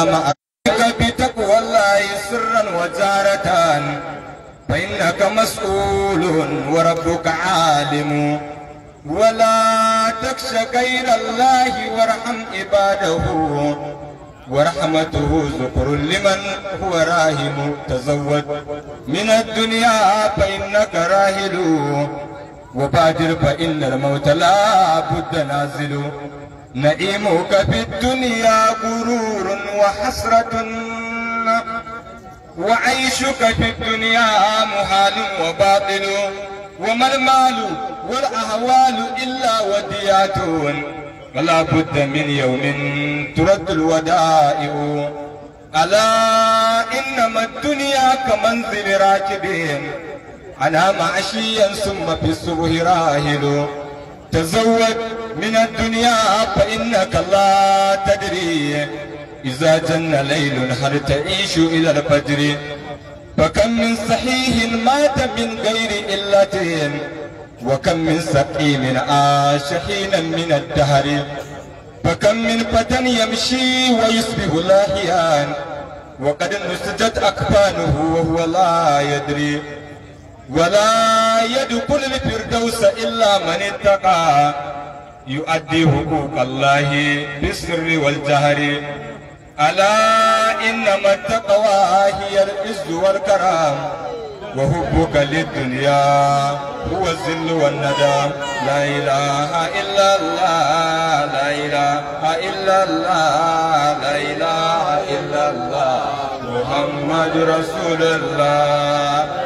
أمرك بتقوى الله سرا وجارة فإنك مسؤول وربك عالم ولا تخش غير الله وارحم عباده ورحمته ذكر لمن هو راهم تزود من الدنيا فإنك راهل وبادر فإن الموت لا بد نازل نعيمك في الدنيا غرور وحسرة وعيشك في الدنيا محال وباطل وما المال والأهوال إلا وديات ولا بد من يوم ترد الودائع ألا إنما الدنيا كمنزل راكبين أنا معشيا ثم في الصبح راهل تزود من الدنيا فإنك لا تدري إذا جن ليل هل تعيش إلى الفجر فكم من صحيح مات من غير إلة وكم من سقيم عاش حينا من الدهر فكم من فتى يمشي ويصبح لاهيان وقد نسجت أكفانه وهو لا يدري ولا يدخل الفردوس إلا من اتقى يؤدي حقوق الله بالسر والجهر ألا إنما التقوى هي العز والكرام وحبك للدنيا هو الذل والندى لا إله إلا الله لا إله إلا الله لا إله إلا الله محمد رسول الله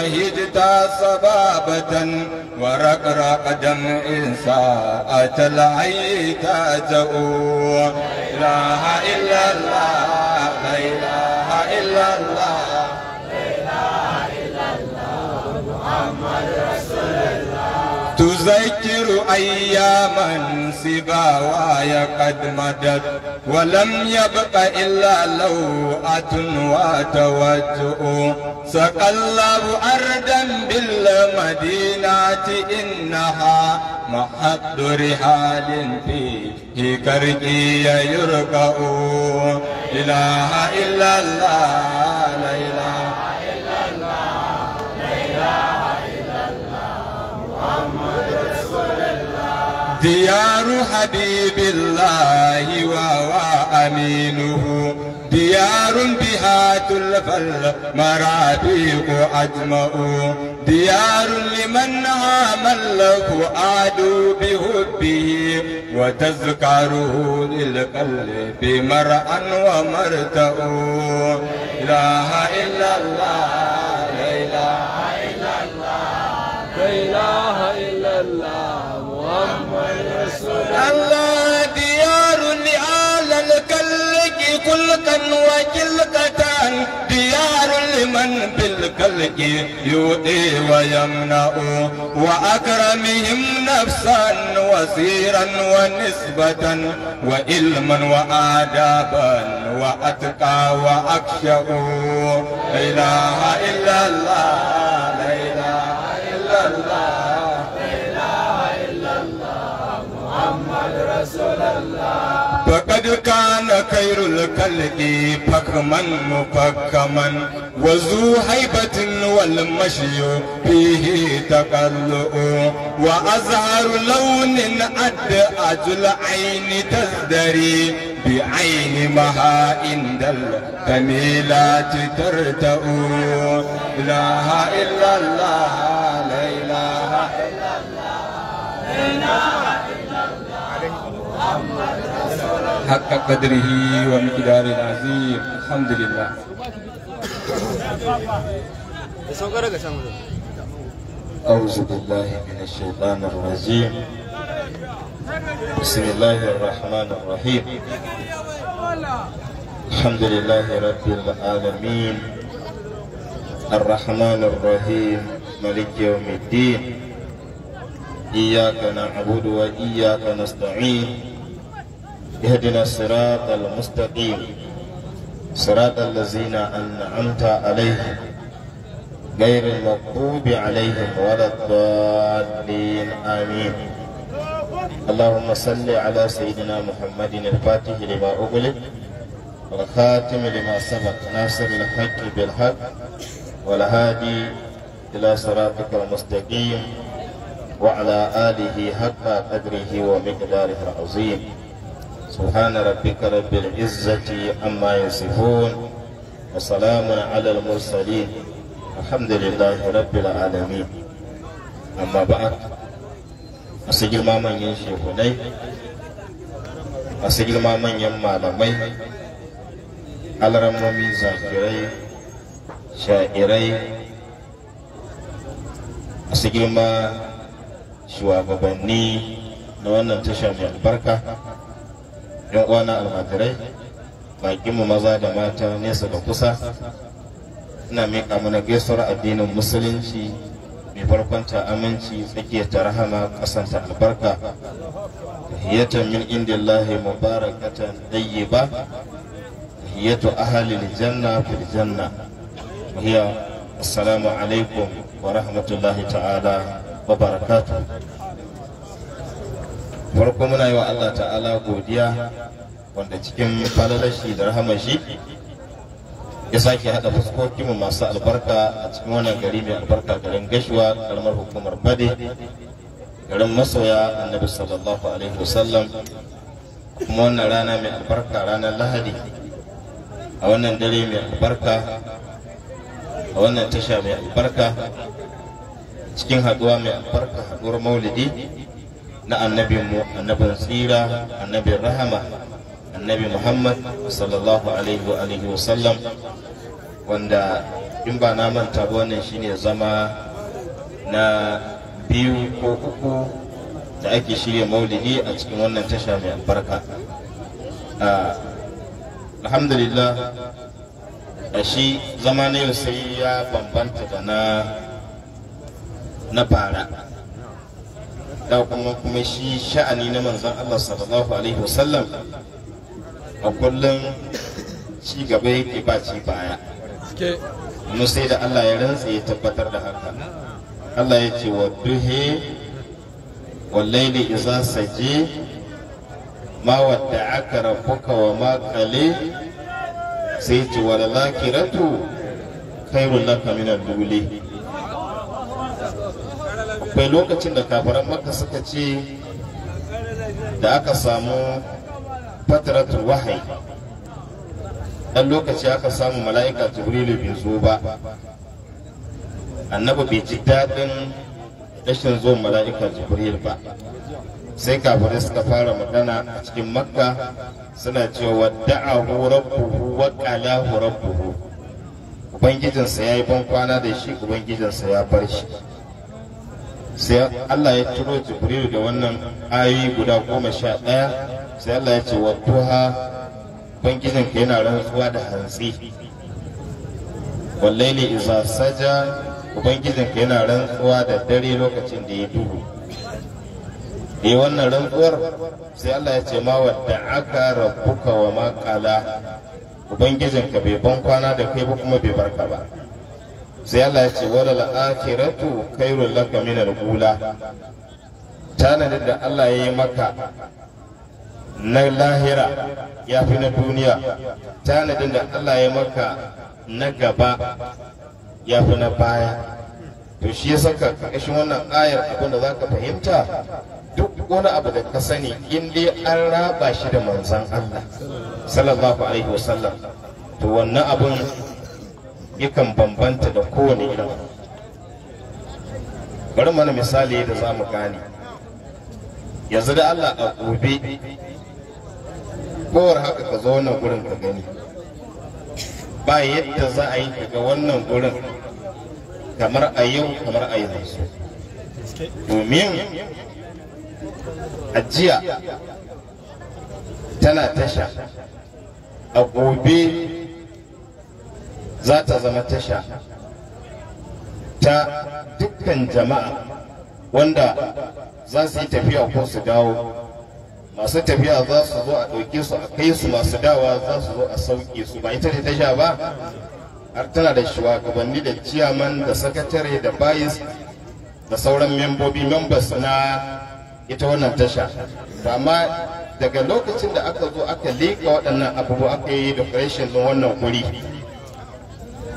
كهجتا صبابة ورقرق دم ساءت العي زؤو لا إله إلا الله لا إله إلا الله تذكر أياما سباواي قد مدت ولم يبق إلا لوعة وتوجع سقى الله أردا بالمدينة إنها محط رحال فيه كرقي يرقع إله إلا الله لا إله ديار حبيب الله وأمينه ديار بها تلف المرابيق أجمعوا ديار لمن هام فؤاد بحبه وتذكره للقلب مرعا ومرتأ لا إله إلا الله لا إله إلا الله لا إله إلا الله الله ديار لآل الكلك كلكا وكلكة ديار لمن بالكلك يؤذي ويمنع وأكرمهم نفسا وسيرا ونسبة وإلما وآدابا وأتقى وأكشأ إله إلا الله قد كان خير الخلق فكما مفكما وذو هيبة والمشي فيه تقلؤ وأزهر لون أد أجل عين تزدري بعين مها عند الجميلات ترتأ لا إله إلا الله لا إله إلا الله حق قدره ومقدار العظيم الحمد لله أعوذ بالله من الشيطان الرجيم بسم الله الرحمن الرحيم الحمد لله رب العالمين الرحمن الرحيم ملك يوم الدين إياك نعبد وإياك نستعين اهدنا الصراط المستقيم صراط الذين أنعمت عليهم غير المغضوب عليهم ولا الضالين آمين اللهم صل على سيدنا محمد الفاتح لما أغلق والخاتم لما سبق ناصر الحق بالحق والهادي إلى صراطك المستقيم وعلى آله حق قدره ومقداره العظيم سبحان ربك رب العزة عما يصفون وسلام على المرسلين الحمد لله رب العالمين أما بعد أسجل ما من ينشئ a sigilma manyan malamai alramomi zakirai sha'irai a sigilma shugabanni na wannan tasha mai albarka yan uwana almajirai bakinmu maza da mata nesa da kusa ina mai mana gaisuwar addinin musulunci mai farkonta aminci tsakiyar ta rahama kasanta ta albarka tahiyatan min indillahi mubarakatan dayyiba tahiyatu ahalin janna fil janna hiya assalamu alaikum wa rahmatullahi ta'ala wa barakatuh farko muna yi wa Allah ta'ala godiya wanda cikin falalashi da rahama shi ya sake haɗa fuskokinmu masu albarka a cikin wannan gari mai albarka garin gashuwa kalmar hukumar bade garin masoya annabi sallallahu alaihi wasallam kuma wannan rana mai albarka ranar lahadi a wannan dare mai albarka a wannan tasha mai albarka cikin haɗuwa mai albarka haɗuwar maulidi na annabin mu annabin tsira annabin rahama annabi muhammad sallallahu alaihi wa alihi wa sallam wanda in ba na manta ba wannan shine zama na biyu ko uku da ake shirya maulidi a cikin wannan tasha mai albarka alhamdulillah a shi zama na yau sai ya bambanta da na na bara da kuma kuma shi sha'ani na manzan Allah sallallahu alaihi wasallam a kullum ci gaba yake ba ci baya mu sai da Allah ya rantsa ya tabbatar da haka Allah ya ce wa duhe wallaili iza saje ma wadda aka rafuka wa makale sai ce wa lakiratu khairun laka min akwai lokacin da kafaran makka suka ce da aka samu fataratul wahayi dan lokaci aka samu mala'ika jibrilu bai zo ba annabi bai ji daɗin rashin zo mala'ika jibril ba sai kafirai suka fara magana a cikin makka suna cewa da'ahu rabbuhu wa qalahu rabbuhu ubangijinsa yayi ban kwana da shi ubangijinsa ya bar shi sai Allah ya turo jibril da wannan ayoyi guda goma sha ɗaya sai Allah ya ce wa tuha ka yana rantsuwa da hantsi wallaili iza saja ka yana rantsuwa da dare lokacin da ya duhu eh wannan rantsuwar sai Allah ya ce ma wadda aka rabbuka wa ma qala ka bai ban kwana da kai ba kuma bai barka ba sai Allah ya ce wadal akhiratu khairul laka min al-ula tanadin da Allah ya yi maka na lahira ya fi na duniya tanadin da Allah ya maka na gaba ya fi na baya to shi ya saka ƙarƙashin wannan ayar abin da za ka fahimta duk wani abu da ka sani in dai an raba shi da manzan Allah sallallahu alaihi wasallam to wannan abun. yakan bambanta da kowane irin bari mana misali da za mu gane yanzu da allah a gobe kowar haka ka zo wannan gurin ka gani ba yadda za a yi daga wannan gurin kamar a yau kamar a yanzu domin ajiya tana tasha a gobe za ta zama tasha ta dukkan jama'a wanda za su yi tafiya ko su dawo masu tafiya za su zo a ɗauke su a kai su masu dawa za su zo a sauke su ba ita ne tasha ba har tana da shugabanni da ciyaman da sakatare da bayis da sauran membobi members na ita wannan tasha amma daga lokacin da aka zo aka leƙa waɗannan abubuwa aka yi da na wannan guri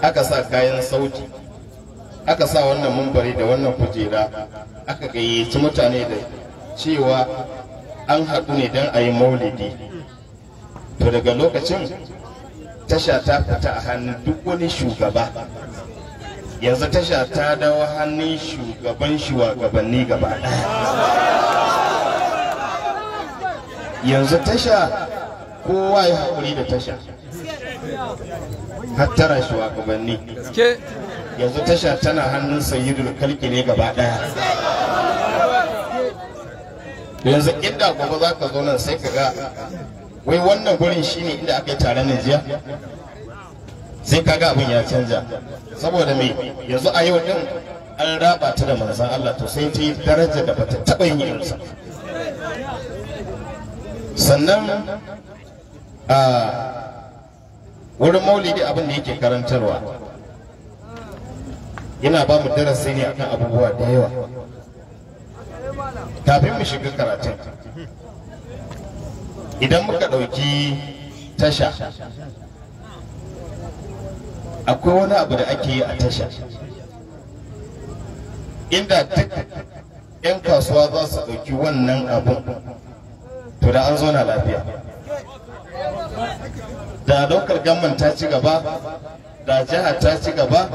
aka sa kayan sauti aka sa wannan mumbari da wannan kujera aka gayyaci mutane da cewa an haɗu ne don a yi maulidi to daga lokacin tasha ta fita a hannun duk wani shugaba yanzu tasha ta dawo hannun shugaban shugabanni gaba yanzu tasha kowa ya haƙuri da tasha hattara shugabanni yanzu tasha tana hannun sayyidul kalki ne gaba daya yanzu inda gobe za ka zo nan sai ka ga wai wannan gurin shine inda aka yi taron Najeriya sai ka ga abin ya canja saboda me yanzu a yau din an raba ta da manzan Allah to sai ta yi daraja da bata taba yin yanzu sannan a ah, wurin maulidi abin da yake karantarwa yana ba mu darasi ne akan abubuwa da yawa kafin mu shiga karatun idan muka ɗauki tasha akwai wani abu da ake yi a tasha inda duk 'yan kasuwa za su ɗauki wannan abu to da an zo na lafiya da lokal gamman ta ci gaba da jiha ta ci gaba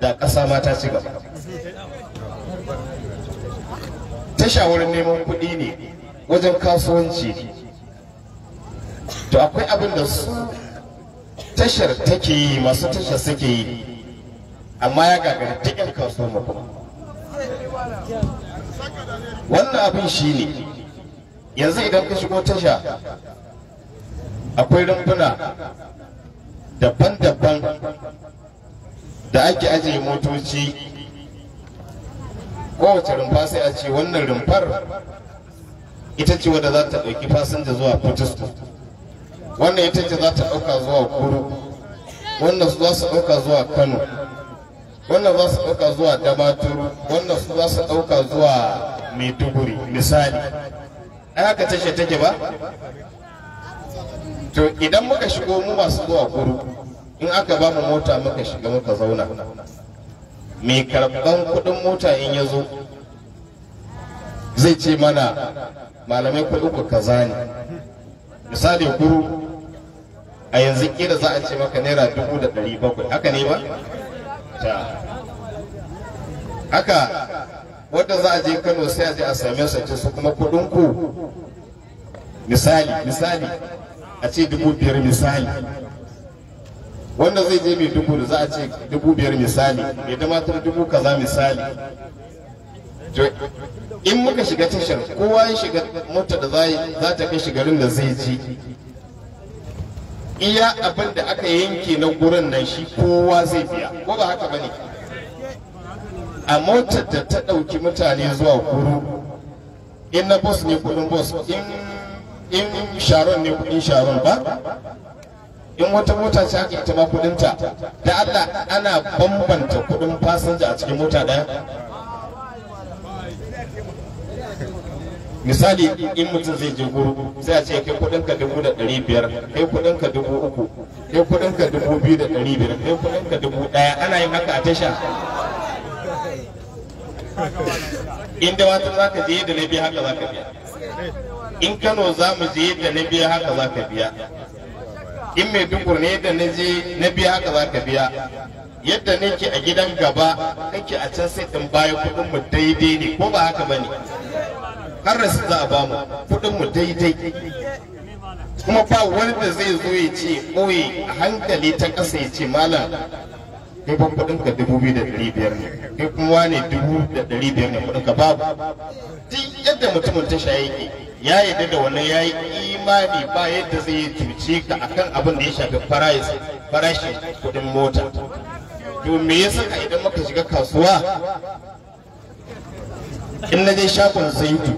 da ƙasa ma ta ci gaba tasha wurin neman kuɗi ne wajen kasuwanci to akwai abin da su tashar take yi masu tashar suke yi amma ya gagara duk 'yan kasuwar ba. wannan abin shi ne yanzu idan ka shigo tasha akwai rumfuna daban-daban da ake ajiye motoci kowace rumfa sai a ce wannan rumfar ita ce wadda za ta ɗauki fasinja zuwa protestant wannan ita ce za ta ɗauka zuwa kuru wannan su za su ɗauka zuwa kano wannan za su ɗauka zuwa damaturu wannan su za su ɗauka zuwa maiduguri misali ai haka ce take ba to idan muka shigo mu masu zuwa kuru in aka ba mu mota muka shiga muka zauna mai karɓar kudin mota in ya zo zai ce mana malamai kuɗi ku kaza ne misali kuru, a yanzu kira za a ce maka naira dubu da ɗari bakwai haka ne ba haka wadda za a je kano sai a je a same su ce su kuma kuɗin ku misali misali a ce dubu biyar misali wanda zai je mai dubu da za a ce dubu biyar misali mai damatar dubu kaza misali in muka shiga tashar kowa ya shiga mota da za ta kai shigarin da zai je iya abin da aka yanke na gurin nan shi kowa zai biya ko ba haka bane a motar da ta ɗauki mutane zuwa kuru. in na bus ne kudin bus in in sharon ne kudin sharon ba in wata mota ce aka ita ma kudinta da Allah ana bambanta kudin fasinja a cikin mota daya misali in mutum zai je guru zai ce kai kudin ka dubu da ɗari biyar kai kudin ka dubu uku kai kudin ka dubu biyu da ɗari biyar kai kudin ka dubu ɗaya ana yin haka a tasha inda wata za ka je da laifi haka za ka biya in kano za mu je da na biya haka za ka biya in mai dukur ne da na je na biya haka za ka biya yadda nake a gidan gaba nake a can sai in baya kudin mu daidai ne ko ba haka bane har su za a ba mu kudin mu daidai kuma ba wani da zai zo ya ce ɓoye hankali ta ƙasa ya ce malam kai ban kudin ka dubu biyu da ɗari biyar ne kai kuma wane dubu da ɗari biyar ne kudin ka babu duk yadda mutumin ta shaye ya yadda da wannan ya yi imani ba yadda zai cuce ka akan abin da ya shafi farashin kudin mota to me ya saka idan muka shiga kasuwa in na je shafin zinki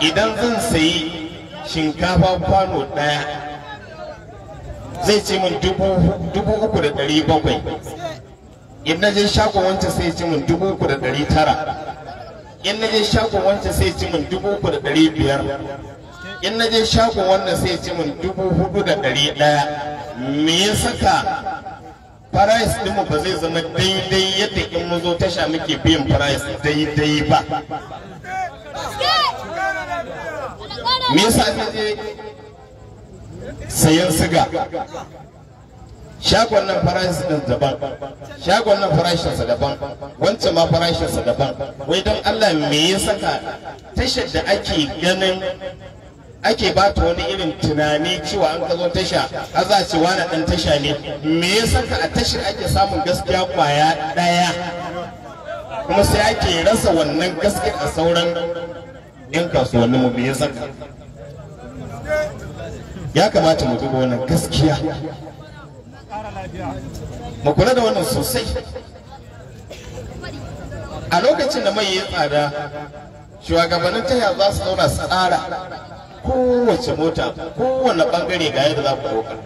idan zan sayi shinkafa kwano ɗaya zai ce min dubu uku da ɗari bakwai in na je shagon wancan sai ce min dubu uku da ɗari tara in na je shagon wancan sai ci min dubu uku da ɗari biyar in na je shagon wannan sai ci min dubu hudu da ɗari ɗaya me ya saka price ɗinmu ba zai zama daidai yadda in mu zo tasha muke biyan price daidai ba me yasa je sayan siga shagon nan farashin daban shagon nan farashinsa daban wancan ma farashinsa daban wai dan Allah me ya saka tashar da ake ganin ake ba ta wani irin tunani cewa an kazo tasha a za ce wani dan tasha ne me ya saka a tashar ake samun gaskiya kwaya daya kuma sai ake rasa wannan gaskiya a sauran yan kasuwannin mu me ya saka ya kamata mu duba wannan gaskiya mu kula da wannan sosai a lokacin da mai ya tsada shugabannin taya za su zauna su tsara kowace mota kowane bangare ga yadda za ku ɗauka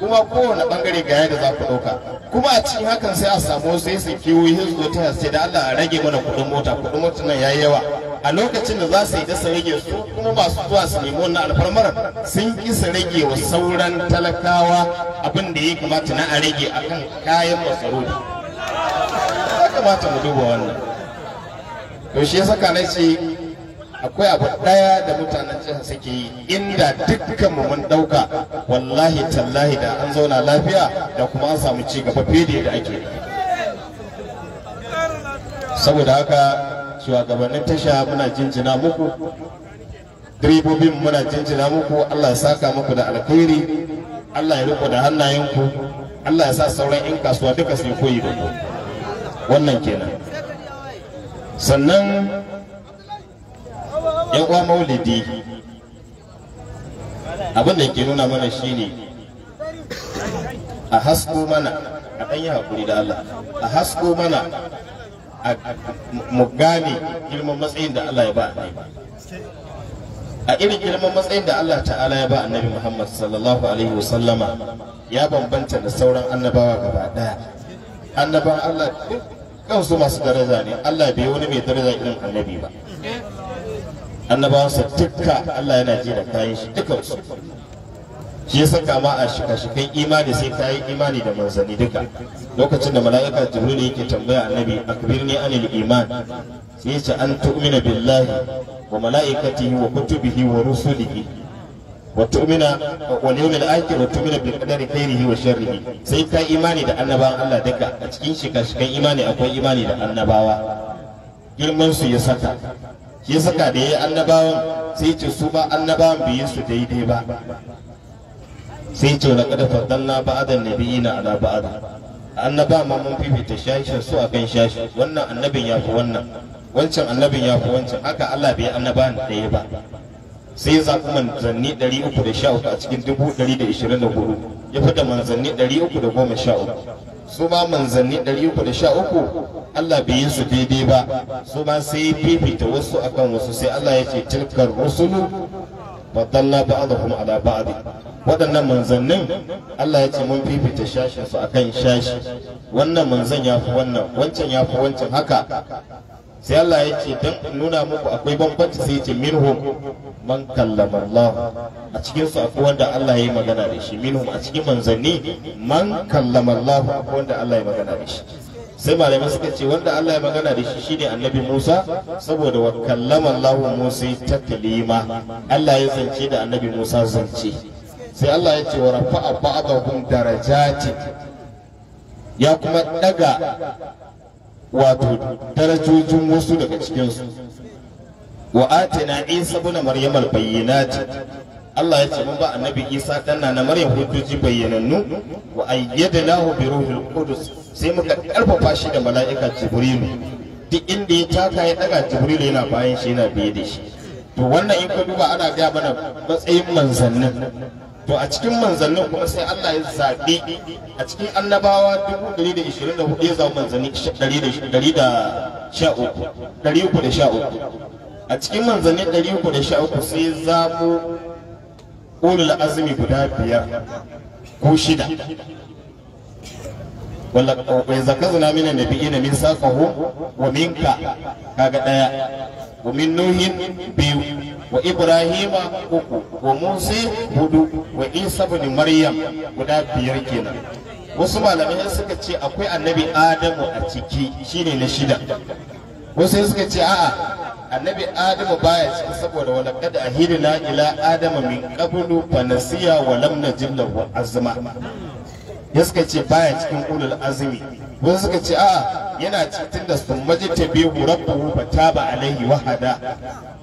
kuma kowane bangare ga yadda za ku ɗauka kuma a cikin hakan sai a samu sai su kiwo yin zo taya sai da allah a rage mana kuɗin mota kuɗin mota nan ya yi yawa a lokacin da za su yi dasa rage su kuma masu zuwa su nemi wannan alfarmar sun ki su rage wa sauran talakawa abin da ya kamata na a rage akan kayan masarufi ya kamata mu duba wannan to shi saka na ce akwai abu ɗaya da mutanen jihar suke yi inda dukkan mu mun ɗauka wallahi tallahi da an zauna lafiya da kuma an samu ci gaba fiye da ake saboda haka shugabannin tasha muna jinjina muku direbobin muna jinjina muku Allah ya saka muku da alkhairi Allah ya riko da hannayenku Allah ya sa sauran 'yan kasuwa duka su koyi da ku wannan kenan sannan ya uwa maulidi abin da ke nuna mana shine a hasko mana a ɗanyi haƙuri da Allah a hasko mana mu gane girman matsayin da Allah ya ba annabi a irin girman matsayin da Allah ta'ala ya ba annabi Muhammad sallallahu alaihi wasallama ya bambanta da sauran annabawa gaba daya annaban Allah kansu masu daraja ne Allah bai wani mai daraja irin annabi ba annabawansa dukka Allah yana ji da kayan shi dukansu shi ya saka ma a shika-shikan imani sai kayi imani da manzanni duka lokacin da mala'ika jibril yake tambaya annabi akbirni anil iman sai yace an tu'mina billahi wa mala'ikatihi wa kutubihi wa rusulihi wa tu'mina wa yawmil akhir wa tu'mina bil qadari khairihi wa sharrihi sai ka imani da annabawan Allah duka a cikin shika-shikan imani akwai imani da annabawa girman su ya saka ya saka da yayi annabawan sai ce su ba annabawan biyin su daidai ba sai ce na kada fadanna ba'adan nabiyina ala ba'adan annaba ma mun fifita shashi su akan shashi wannan annabin ya fi wannan wancan annabin ya fi wancan haka Allah bai annaba da ya ba sai ya zaɓi manzanni 313 a cikin 124 ya fi da manzanni 313 su ma manzanni 313 Allah bai yi su daidai ba su ma sai fifita wasu akan wasu sai Allah ya ce tilkar rusulu faddalla ba'dhum ala ba'd waɗannan manzannin Allah ya ce mun fifita shashin su akan shashi wannan manzan ya fi wannan wancan ya fi wancan haka sai Allah ya ce dan nuna muku akwai bambanci sai ya ce minhum man kallama Allah a cikin su akwai wanda Allah ya yi magana da shi minhum a cikin manzanni man kallama Allah sai malamai suka ce wanda Allah ya magana da shi shine annabi Musa saboda wa kallama Allah Musa taklima Allah ya zance da annabi Musa zance sai Allah ya ce wa rafa'a ba'dahum ce. ya kuma daga wato darajojin wasu daga cikin su wa atina isa ibn maryam al-bayyinati Allah ya ce mun ba annabi Isa dan na Maryam hujjoji bayyanannu wa ayyadnahu bi ruhil qudus sai muka karfafa shi da mala'ika Jibril duk inda ya taka ya daga Jibril yana bayan shi yana biye da shi to wannan in ka duba ana ga mana matsayin manzannin to a cikin manzannin kuma sai Allah ya zabe. a cikin annabawa 124 ya zama manzanni 313 a cikin manzanni 313 sai zamo ulul azumi guda biyar ko shida wala wa zaka zuna min ina min safahu wa minka kaga daya wa min nuhin biyu wa ibrahima uku wa musa hudu wa isa ibn maryam guda biyar kenan wasu malamai suka ce akwai annabi adamu a ciki shine na shida wasu suka ce a'a annabi adamu baya cikin saboda wala kad ahidna ila adama min qablu fa nasiya wa lam najid lahu azma ya suka ce baya cikin ulul azmi wasu suka ce a'a yana cikin da sun majita bihu rabbuhu taba alaihi wahada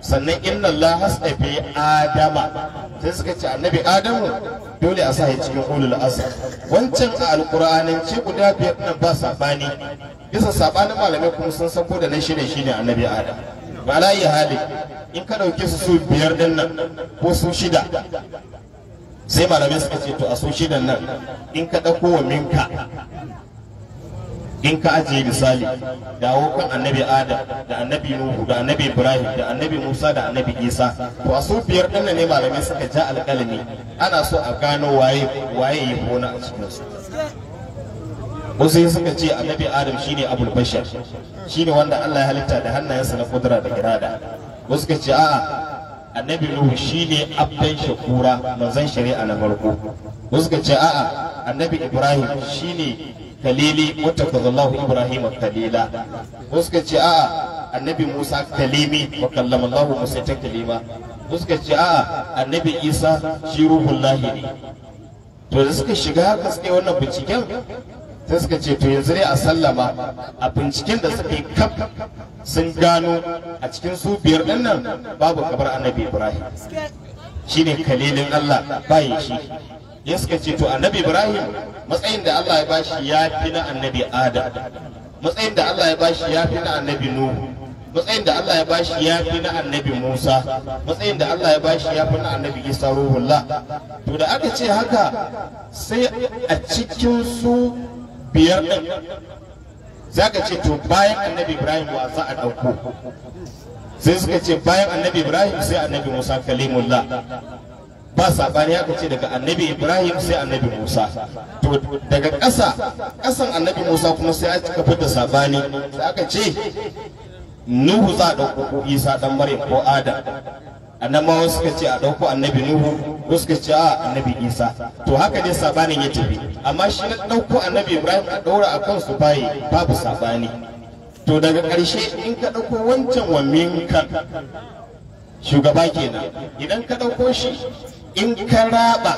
sannan inna Allah fi adama sai suka ce annabi adamu dole a sa ya cikin ulul azm wancan a alqur'anin ce guda biyar nan ba sabani bisa sabanin malamai kuma sun san da nan shine shine annabi adam ba hali in ka dauke su su biyar din nan ko su shida sai malamai suka ce to a su shidan nan in ka dauko wa minka in ka ajiye misali dawo kan annabi adam da annabi nuhu da annabi ibrahim da annabi musa da annabi isa to a su biyar ɗan ne malamai suka ja alƙalami ana so a gano waye waye yi gona a cikin su wasu suka ce annabi adam shine abul bashar shine wanda allah ya halitta da hannayensa na kudura da irada wasu suka ce a'a annabi nuhu shine abdan shakura manzon shari'a na farko wasu suka ce a'a annabi ibrahim shine kalili wata kazallahu ibrahim kalila Muska suka ce a'a annabi musa kalimi wa kallamallahu musa ta kalima wasu suka ce a'a annabi isa shi lahi ne to da suka shiga haka suka wannan binciken sai suka ce to yanzu ne a sallama a binciken da suka yi kaf sun gano a cikin su biyar din nan babu kabar annabi ibrahim shine kalilin allah bayan shi ya suka ce to annabi ibrahim matsayin da allah ya bashi ya fi na annabi adam matsayin da allah ya bashi ya fi na annabi nuhu matsayin da allah ya bashi ya fi na annabi musa matsayin da allah ya bashi ya fi na annabi isa ruhullah to da aka ce haka sai a cikin su biyar din zaka ce to bayan annabi ibrahim wa za a ɗauko sai suka ce bayan annabi ibrahim sai annabi musa kalimullah ba sabani aka ce daga annabi ibrahim sai annabi musa to daga ƙasa ƙasan annabi musa kuma sai aka da sabani sai aka ce nuhu za a ɗauko isa ɗan maryam ko adam ma wasu suka ce a ɗauko annabi nuhu wasu suka ce a annabi isa to haka ne sabanin ya tafi amma shi na ɗauko annabi ibrahim a ɗaura a kansu baye babu sabani to daga ƙarshe in ka ɗauko wancan wa minkan shugaba kenan idan ka ɗauko shi in ka raba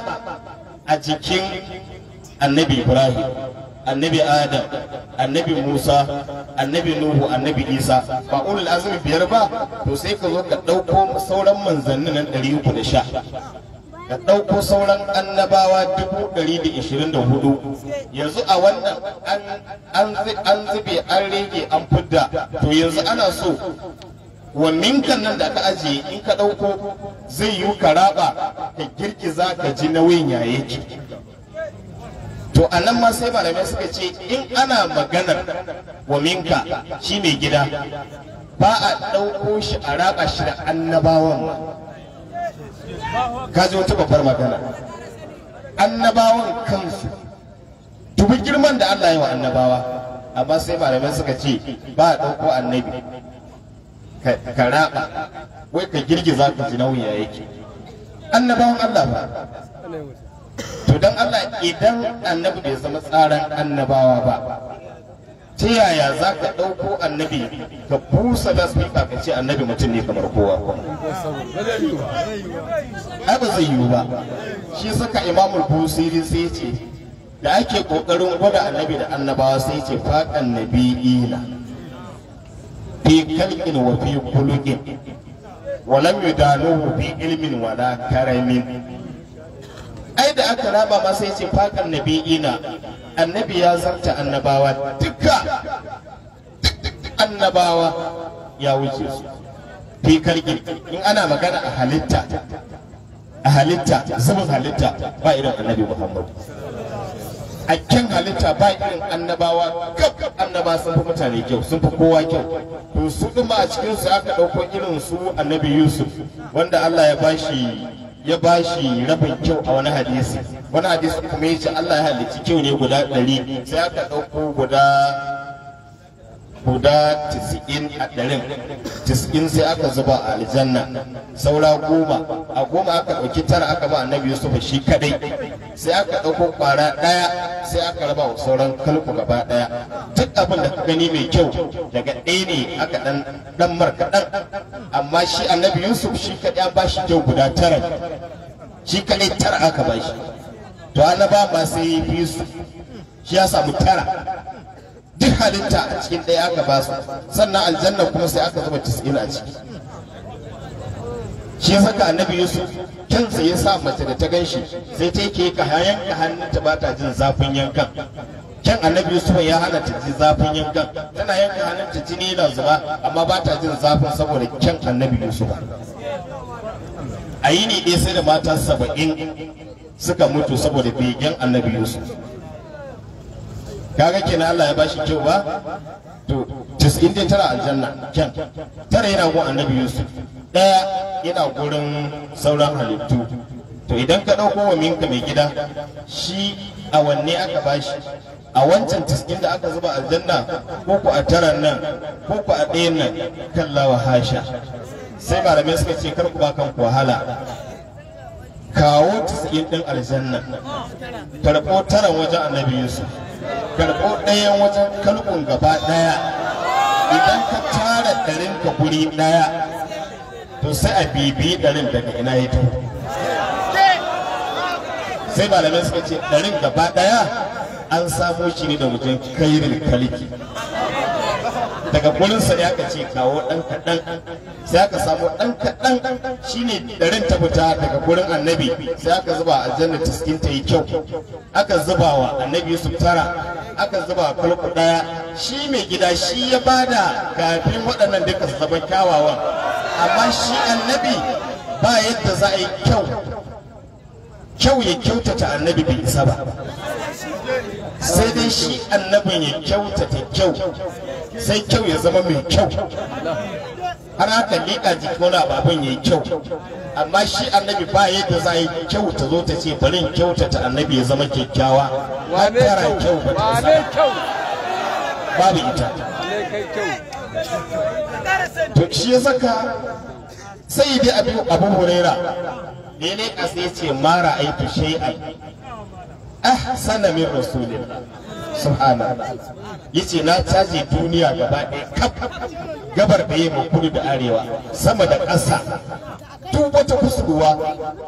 a jikin annabi ibrahim annabi adam annabi musa annabi nuhu annabi isa ba ulul azumi biyar ba to sai ka zo ka ɗauko sauran manzannin nan ɗari uku da sha ka ɗauko sauran annabawa dubu ɗari da ishirin da hudu yanzu a wannan an zube an rege an fidda to yanzu ana so wannan kan nan da ka ajiye in ka ɗauko zai yi ka raba ka girgiza ka ji nauyin ya yake to a nan ma sai malamai suka ce in ana maganar wa minka shi mai gida ba a ɗauko shi a raba shi da annabawan ka ji wata babbar magana annabawan kansu dubi girman da Allah ya wa annabawa amma sai malamai suka ce ba a ɗauko annabi ka raba wai ka girgiza ka ji nauyi ya yake annabawan Allah ba to dan Allah idan annabi bai zama tsaran annabawa ba ta yaya za ka ɗauko annabi ka busa da su ka ce annabi mutum ne kamar kowa kuma ba zai yiwu ba shi saka imamul busiri sai ce da ake ƙoƙarin gwada annabi da annabawa sai ce faɗan ila fi kalkin wa fi kulukin walam yudanuhu fi ilmin wala karamin ai da aka raba ma sai ce fakan nabiyina annabi ya zarta annabawa dukka annabawa ya wuce su fi kalkin in ana magana a halitta a halitta zubin halitta ba irin annabi muhammadu a kyan halitta ba irin annabawa gab annaba sun fi mutane kyau sun fi kowa kyau to su duma a cikin su aka ɗauko irin su annabi yusuf wanda allah ya bashi ya bashi rabin kyau a wani hadisi wani hadisi kuma ya ce allah ya halicci kyau ne guda ɗari sai aka ɗauko guda guda 90 a ɗarin 90 sai aka zuba a aljanna saura goma a goma aka ɗauki tara aka ba annabi yusuf shi kadai sai aka ɗauko ƙwara ɗaya sai aka raba wa sauran kalku gaba ɗaya duk abin da ka gani mai kyau daga ɗaya ne aka ɗan ɗan markaɗan amma shi annabi yusuf shi kadai an ba shi kyau guda tara shi kadai tara aka ba shi to annaba ba sai biyu shi ya samu tara duk halitta a cikin ɗaya aka ba su sannan aljanna kuma sai aka zuba tis'in a ciki shi saka annabi yusuf kansa ya sa mace da ta ganshi sai ta yake ka yanka hannunta ba ta jin zafin yankan kyan annabi yusuf ya hana ta ji zafin yankan tana yanka hannunta jini na zuba amma ba ta jin zafin saboda kyan annabi yusuf a yi ne ɗaya sai da mata saba'in suka mutu saboda begen annabi yusuf kaga kenan Allah ya bashi kyau ba to tis'in dai tara aljanna kyan tare yana gun annabi Yusuf daya yana gurin sauran halittu to idan ka dauko wa minka mai gida shi a wanne aka bashi a wancan tis'in da aka zuba aljanna ko ku a taran nan ko ku a ɗayan nan kallawa hasha sai malamai suka ce kar ku ba kanku wahala kawo tis'in din aljanna karɓo taran wajen annabi Yusuf karɓo ɗayan wajen kalkun gaba ɗaya idan ka tara ɗarin ka guri ɗaya to sai a bibi ɗarin daga ina ya to sai malamai suka ce ɗarin gaba ɗaya an samo shi ne da wajen kairin kalki daga gurinsa ya ka ce kawo ɗan kaɗan sai aka samu ɗan kaɗan shine ɗarin ta fita daga gurin annabi sai aka zuba a aljanna tiskin ta yi kyau aka zuba wa annabi yusuf tara aka zuba kalku ɗaya shi mai gida shi ya bada kafin waɗannan duka su zama kyawawan amma shi annabi ba yadda za a yi kyau kyau ya kyautata annabi bai isa ba sai dai shi annabin ya kyautata kyau sai kyau ya zama mai kyau har haka liƙa jiki wani ababen ya yi kyau amma shi annabi ba yadda za yi kyau ta zo ta ce bari kyautata annabi ya zama kyakkyawa har kyau ba ta babu ita to shi ya saka sai dai abu abu huraira ne ne a sai ce mara aiki shai'ai ahsana min rasulillah subhana yace na caji duniya gaba ɗaya kaf gabar da yamma kudu da arewa sama da ƙasa duk wata kusurwa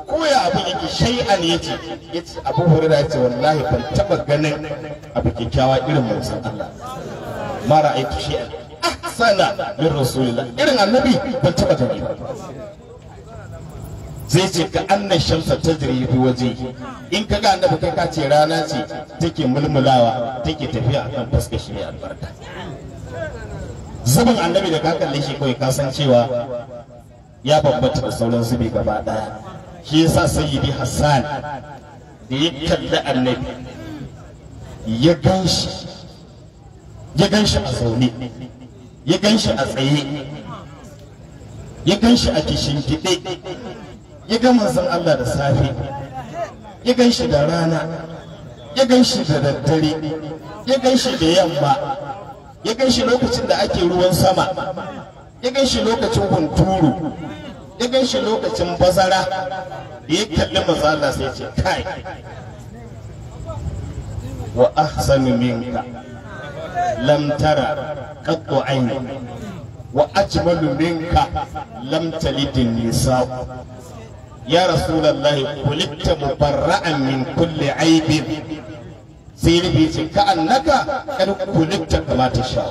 ko ya abu yake shay'an yace yace abu hurra yace wallahi ban taba ganin abu kyakkyawa irin manzon Allah mara aitu shi'an ahsana min rasulillah irin annabi ban taba ganin zai ce ka annan shamsa ta jiri waje in ka ga annabi kai ka ce rana ce take mulmulawa take tafiya akan fuskar shi mai albarka zubin annabi da ka kalle shi kawai ka san cewa ya bambanta da sauran zubi gaba daya shi yasa sayyidi hassan da ya kalli annabi ya gan shi ya gan shi a zaune ya gan shi a tsaye ya gan shi a kishin kiɗe. ya ga manzon Allah da safe ya gan shi da rana ya gan shi da daddare ya gan shi da yamma ya gan shi lokacin da ake ruwan sama ya gan shi lokacin hunturu ya gan shi lokacin bazara da ya kalli manzo Allah sai ce kai wa ahsanu minka lam tara qattu aini wa ajmalu minka lam talid nisa ya rasulullahi kulitta mubarra'an min kulli aibi. sai rubi ce ka annaka kar kulitta kama ta sha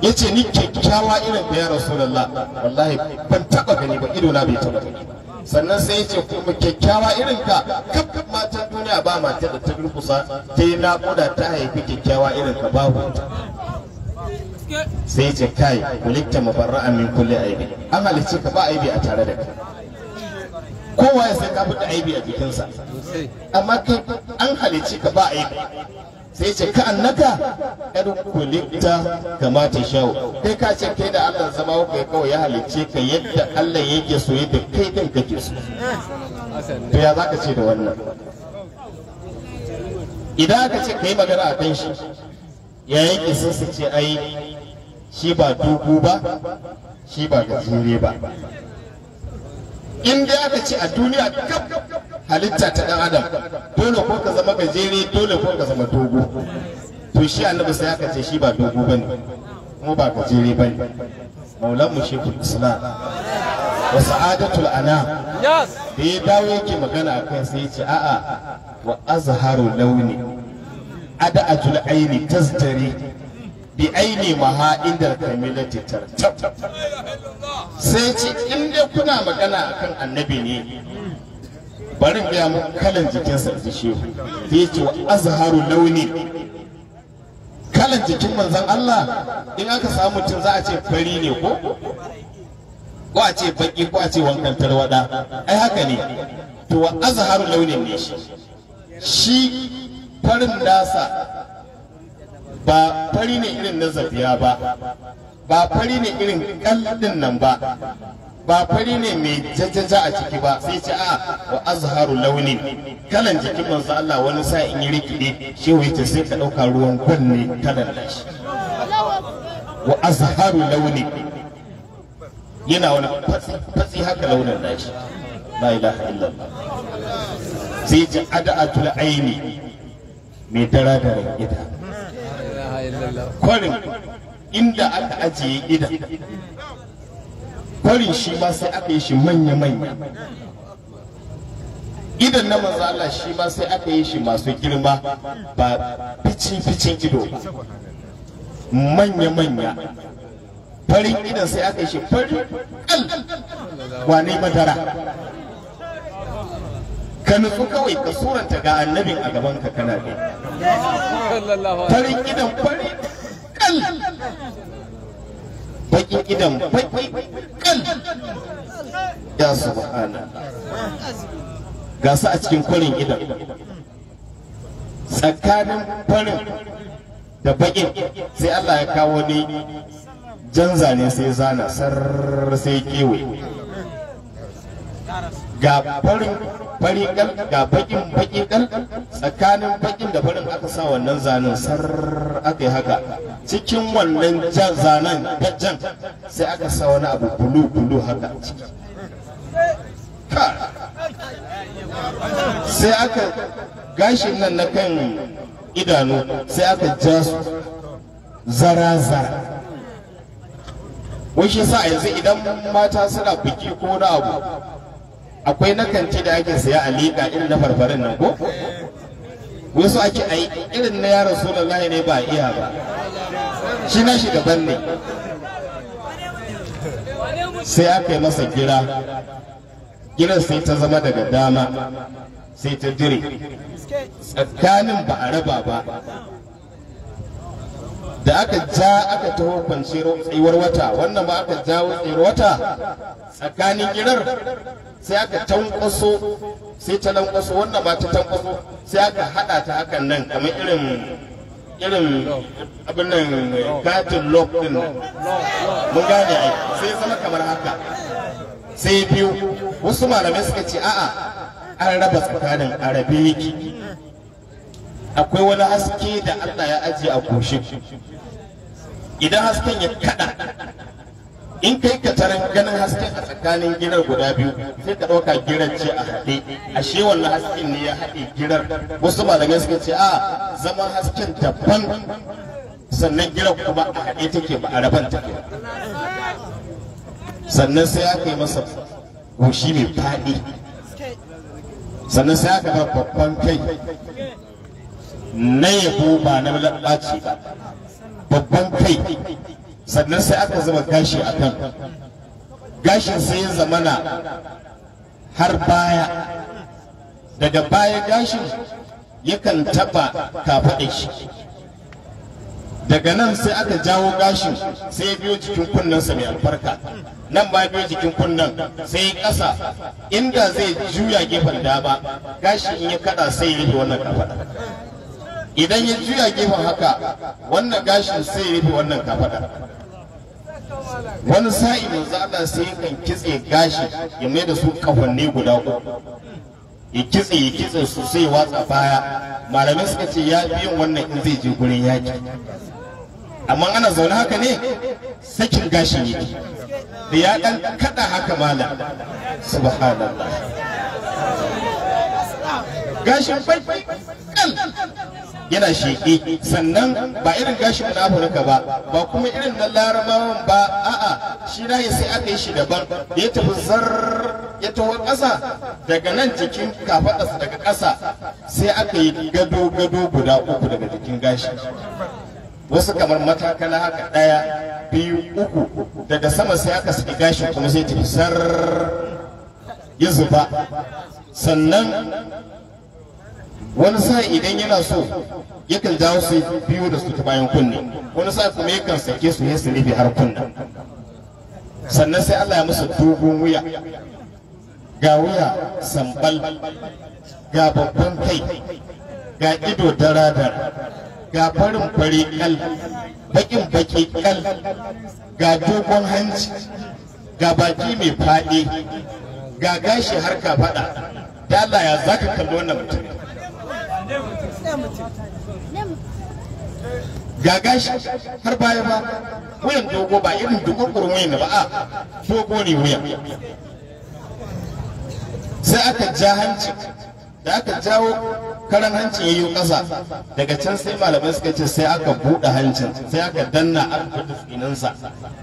ya ce ni kyakkyawa irin da ya rasulallah. wallahi ban taba gani ba ido na bai taba gani sannan sai ya ce kuma kyakkyawa irin ka kaf matan duniya ba mata da ta durkusa ta yi naƙuda ta haifi kyakkyawa irin ka babu sai ya ce kai kulikta mabarra'a min kulli aibi an halicce ka ba aibi a tare da kai kowa ya sai kafin da aibi a jikinsa amma kai an halici ka ba aibi sai ce ka annaka yar kulikta ta shawo kai ka ce kai da Allah zama kai kawai ya halice ka yadda Allah yake so yadda kai din kake so to ya zaka ce da wannan idan aka ce ka yi magana a kan shi ya yake sun su ce ai shi ba dubu ba shi ba gajere ba in da aka ce a duniya kaf halitta ta dan adam dole ko ka zama gajere dole ko ka zama dogo to shi annabi sai aka ce shi ba dogo bane kuma ba gajere bane maulan mu shi islam wa sa'adatul ana da ya dawo yake magana akan sai ya ce a'a wa azharu launi ada ajul aini tazdari bi aini maha indar kamilati tartab sai ce in dai kuna magana akan annabi ne bari ga mu kalan jikin da shehu ya ce wa azharu launi kalan jikin manzon Allah in aka samu mutum za a ce fari ne ko ko a ce baki ko a ce wankan tarwada ai haka ne to wa azharu launin ne shi shi farin dasa ba fari ne irin na zafiya ba ba fari ne irin kalladin nan ba ba fari ne mai jajaja a ciki ba sai ce a wa azharu launin kalan jikin manzo Allah wani sa in yi rikide shehu yace sai ka dauka ruwan kunne kalan shi wa azharu launin yana wani fatsi haka launin shi la ilaha illallah sai ji ada'atul aini mai dara da ita kwarin inda aka ajiye idan kwarin shi ma sai aka yi shi manya-manya idan na mazala Allah shi ma sai aka yi shi masu girma ba ficin-ficin ido manya-manya farin idan sai aka yi shi farin kal wane madara ka nufi kawai ka suranta ga annabin a gaban ka kana farin idan farin kal bakin idan baki kal ya subhana ga su a cikin kwarin idan tsakanin farin da baƙin sai Allah ya kawo ni jan zane sai zana sar sai kewe ga farin fari kal ga bakin baki kal tsakanin bakin da farin aka sa wannan zanen sar aka yi haka cikin wannan jan zanen gajan sai aka sa wani abu bulu bulu haka sai aka gashin nan na kan idanu sai aka ja su zara zara wai shi sa yanzu idan mata suna biki ko na abu akwai na kanti da ake siya a liƙa irin na farfarin nan ko wasu ake ai irin na yaron sunan ne ba iya ba shi na shi daban ne sai aka yi masa gira gira sai ta zama daga dama sai ta dire tsakanin ba a raba ba da aka ja aka taho kwanciyar tsayuwar wata wannan ba aka jawo tsayuwar wata tsakanin girar sai aka tankwaso sai ta lankwaso wannan ma ta tankwaso sai aka haɗa ta hakan nan kamar irin irin abin nan katin lock din mun gane ai sai zama kamar haka sai biyu wasu malamai suka ce a'a an raba tsakanin arabe yake akwai wani haske da Allah ya ajiye a goshin idan hasken ya kada in kai ka taran ganin haske a tsakanin gidan guda biyu sai ka ɗauka gidan ce a haɗe a shi wannan hasken ne ya haɗe gidan. wasu malamai suka ce a zama hasken daban sannan gidan kuma a haɗe take ba a rabar take sannan sai aka yi masa goshi mai faɗi sannan sai aka ba babban kai na yabo ba na laɓaci ba babban kai sannan sai aka zuba gashi a kan gashin sai ya zamana har baya daga baya gashin yakan taba kafaɗe shi daga nan sai aka jawo gashin sai ya biyo jikin kunnensa mai albarka nan ba biyo jikin kunnen sai ya ƙasa inda zai juya gefen dama gashin in ya kada sai ya rufe wannan kafaɗa idan ya juya gefen haka wannan gashin sai ya rufe wannan kafaɗa wani sa'i za a sai kan kitse gashi ya mai da su kafanni guda uku ya kitse ya kitse su sai watsa baya malamai suka ce ya biyan wannan in zai je gurin yaki amma ana zaune haka ne sakin gashi ne da ya dan kada haka malam subhanallah gashin bai kal yana sheke sannan ba irin gashi na afirka ba ba kuma irin na larabawan ba a'a shi na sai aka yi shi daban ya tafi zar ya taho ƙasa daga nan jikin kafaɗarsa daga ƙasa sai aka yi gado gado guda uku daga jikin gashi wasu kamar matakala haka ɗaya biyu uku daga sama sai aka saki gashi kuma sai tafi sar ya zuba sannan wani sa idan yana so yakan jawo su biyu da su ta bayan kunne wani sa kuma yakan sake su yin sulubi har kunne sannan sai Allah ya musu dogon wuya ga wuya sambal ga babban kai ga ido daradar ga farin fari kal bakin baki kal ga dogon hanci ga baki mai fadi ga gashi har ka faɗa da Allah ya zaka kalli wannan mutum ga gashi har baya ba wuyan dogo ba irin dukurkurin wuyan ba a dogo ne wuyan sai aka ja hanci da aka jawo karan ya yayi kasa daga can sai malamai suka ce sai aka buɗe hancin sai aka danna aka fita tsinansa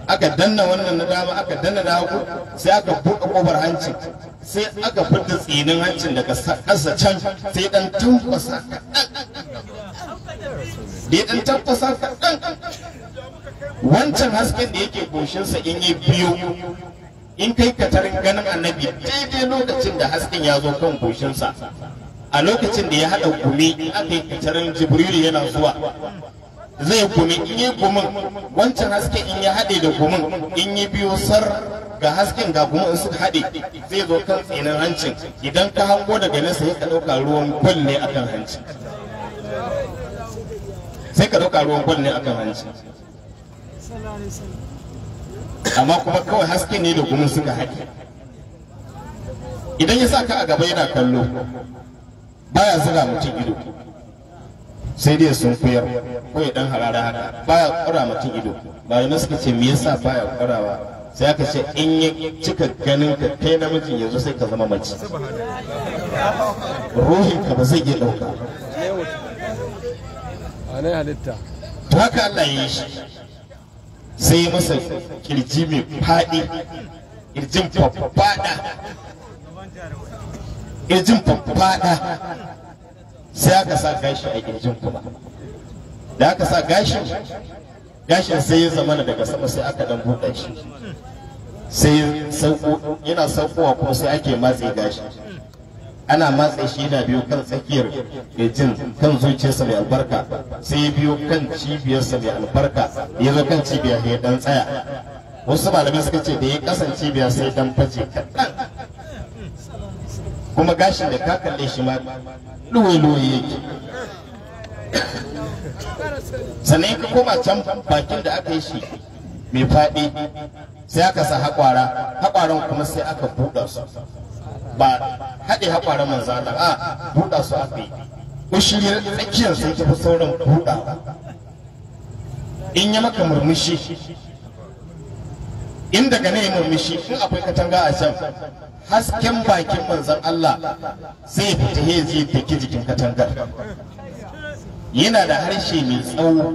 aka danna wannan na dama aka danna da hagu sai aka buɗe ƙofar hancin sai aka fita tsinin hancin daga ƙasa can sai dan tankwasa kaɗan da dan kaɗan wancan hasken da yake goshinsa in yi biyu in kai katarin ganin annabi daidai lokacin da hasken ya zo kan goshinsa a lokacin da ya haɗa gumi aka yi katarin jibrilu yana zuwa zai gumi in yi gumin wancan hasken in ya haɗe da gumin in yi biyu sar ga hasken ga kuma in suka haɗe zai zo kan tsinin hancin idan ka hango daga nesa sai ka ɗauka ruwan gwal ne akan hanci sai ka ɗauka ruwan gwal ne akan hanci amma kuma kawai haske ne da gumin suka haɗe idan ya sa ka a gaba yana kallo baya zira mutum ido sai dai sun kuyar ko ya dan harara haka baya kura mutum ido bayan suka ce me yasa baya kurawa sai aka ce in yi cika ganin ka kai namijin yanzu sai ka zama mace ruhin ka ba zai iya dauka halitta to haka Allah ya yi shi sai ya masa kirji mai faɗi kirjin faffaɗa kirjin faffaɗa sai aka sa gashi a kirjin kuma da aka sa gashin gashin sai ya zama daga sama sai aka dan buɗe shi sai yana saukowa kuma sai ake matse gashi ana matse shi yana biyo kan tsakiyar jin kan zuciyarsa mai albarka sai ya biyo kan cibiyarsa mai albarka ya zo kan cibiya ya dan tsaya wasu malamai suka ce da ya kasance biya sai dan faje kaɗan kuma gashin da ka kalle shi ma luwe-luwe yake sannan ka koma can bakin da aka yi shi mai faɗi sai aka sa haƙwara haƙwaran kuma sai aka buɗa su ba haɗe haƙwaran Allah a buɗa su aka yi ƙushiyar tsakiyar sun tafi sauran buɗa in yi maka murmushi in daga ne murmushi in akwai katanga a can hasken bakin manzan Allah sai fita ya je daki jikin katangar yana da harshe mai tsawo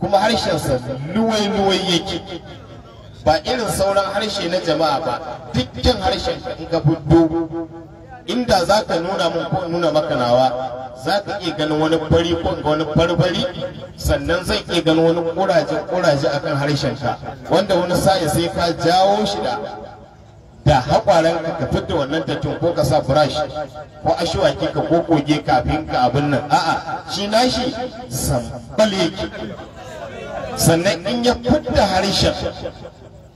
kuma harshensa luwai-luwai yake ba irin sauran harshe na jama'a ba dukkan harshen in ka buddo inda za ka nuna mun ko nuna maka nawa za ka iya ganin wani bari ko ga wani barbari sannan zai iya ganin wani kuraje kuraje akan harshen ka wanda wani sa'i sai ka jawo shi da da hakwaran ka ka fitta wannan tattun ko ka sa brush ko ashiwaki ka ko koge kafin ka abin nan a'a shi nashi sambal yake sannan in ya fitta harshen